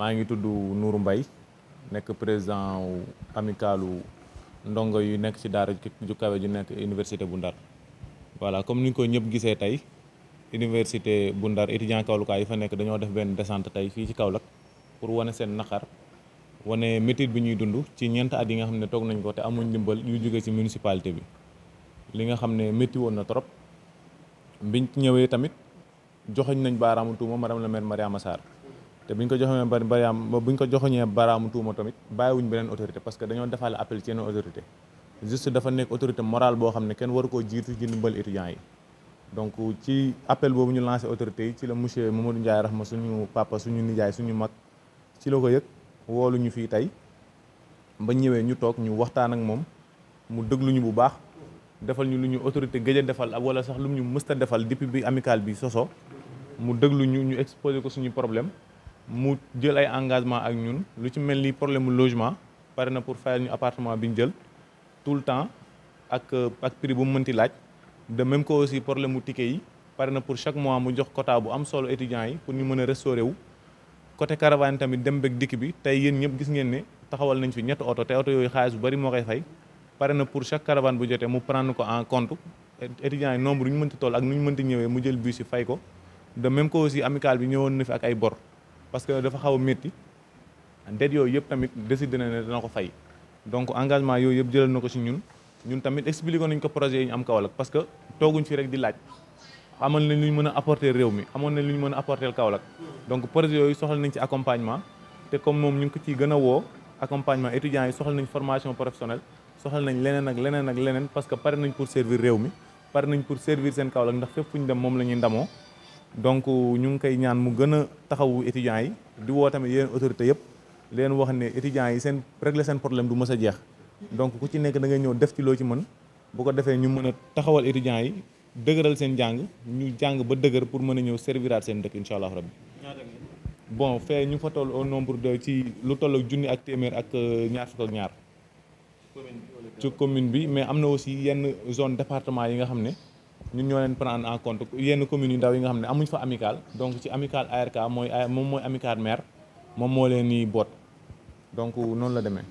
maa ngi tudd Nourou Mbaye nekk président wu amicalu ndongo yu nekk ci daara ju kawe ju nekk université bu Ndar voilà comme ni ko ñëpp gisee tey université bu Ndar étudiant kawlukaay yi fa nekk dañoo def benn descente tey fii ci Kaolack pour wane seen naqar wane métier bi ñuy dund ci ñeent at yi nga xam ne toog nañ ko te amuñ ndimbal yu ci municipalité bi li nga xam ne métti woon na trop biñ ñëwee tamit joxoñ nañ baaraamu tuuma madame la maire Mariama Sarr te bu ko joxee bariam bu ñu ko joxoñee baraamu tuuma tamit bàyyiwuñ beneen autorité parce que dañoo defaale appel ci yeneen autorité juste dafa nekk autorité morale boo xam ne kenn waru koo jiitu ci ndimbal étudiants yi donc ci appel boobu ñu lancé autorité yi ci la monsieur Mamadou Ndiaye Rahma suñu papa suñu nijaay suñu mag ci la ko yëg woolu ñu fii tey ba ñëwee ñu toog ñu waxtaan ak moom mu déglu ñu bu baax defal ñu lu ñu autorité gëj a defal ak wala sax lu ñu mësta defal depuis bi amicale bi soso mu déglu ñu ñu exposé ko suñu problème mu jël ay engagement ak ñun lu ci mel ni problème mu logement pare na pour fayal ñu appartement bi ñu jël tout le temps ak euh, ak prix bu mu mënti laaj de même que aussi problème mu ticket yi pare na pour chaque mois mu jox quota bu am solo étudiants yi pour ñu mën a restaurer wu. côté caravane tamit dem beeg dikk bi tey yéen ñëpp gis ngeen ne taxawal nañ fi ñetti oto te oto yooyu xaalis bu bari moo koy fay pare na pour chaque caravane bu jotee mu prendre ko en compte étudiants yi nombre ñu mënti toll ak nu ñu mënti ñëwee mu jël bus yi fay ko de même amicale bi ñëwoon na fi ak ay bor. parce que dafa xaw a métti det yooyu yëpp tamit décidé na ne dana ko fay donc engagement yooyu yëpp jëlal na ko si ñun ñun tamit expliqué nañ ko projet yi ñu am Kaolack parce que tooguñ ci rek di laaj amoon nañ lu ñu mën a apporter réew mi amoon nañ lu ñu mën a apporter Kaolack donc projet yooyu soxla nañ ci accompagnement te comme moom ñu ngi ko ciy gën a woo accompagnement étudiants yi soxla nañ formation professionnelle soxla nañ leneen ak leneen ak leneen parce que pare nañ pour servir réew mi pare nañ pour servir seen ndax fépp fu ñu moom la ñuy ndamoo donc ñu ngi koy ñaan mu gën a taxawu étudiants yi di woo tamit yeneen autorité yëpp leen wax ne étudiants yi seen régler seen problème du mës a jeex donc ku ci nekk da ngay ñëw def ci loo ci mën bu ko defee ñu mën a taxawal étudiants yi dëgëral seen njàng ñu jàng ba dëgër pour mën a ñëw serviraat seen dëkk incha allah rabbi bon fee ñu fa toll au nombre de ci lu toll ak junni ak téeméer ak euh, ñaar fukk ak ñaar ci commune bi mais am na aussi yenn zone département yi nga xam ne ñun ñoo leen prendre en compte yenn communes yu ndaw yi nga xam ne amuñ fa amical donc ci amical ARK mooy moom mooy amical maire moom moo leen di boot donc noonu la demee.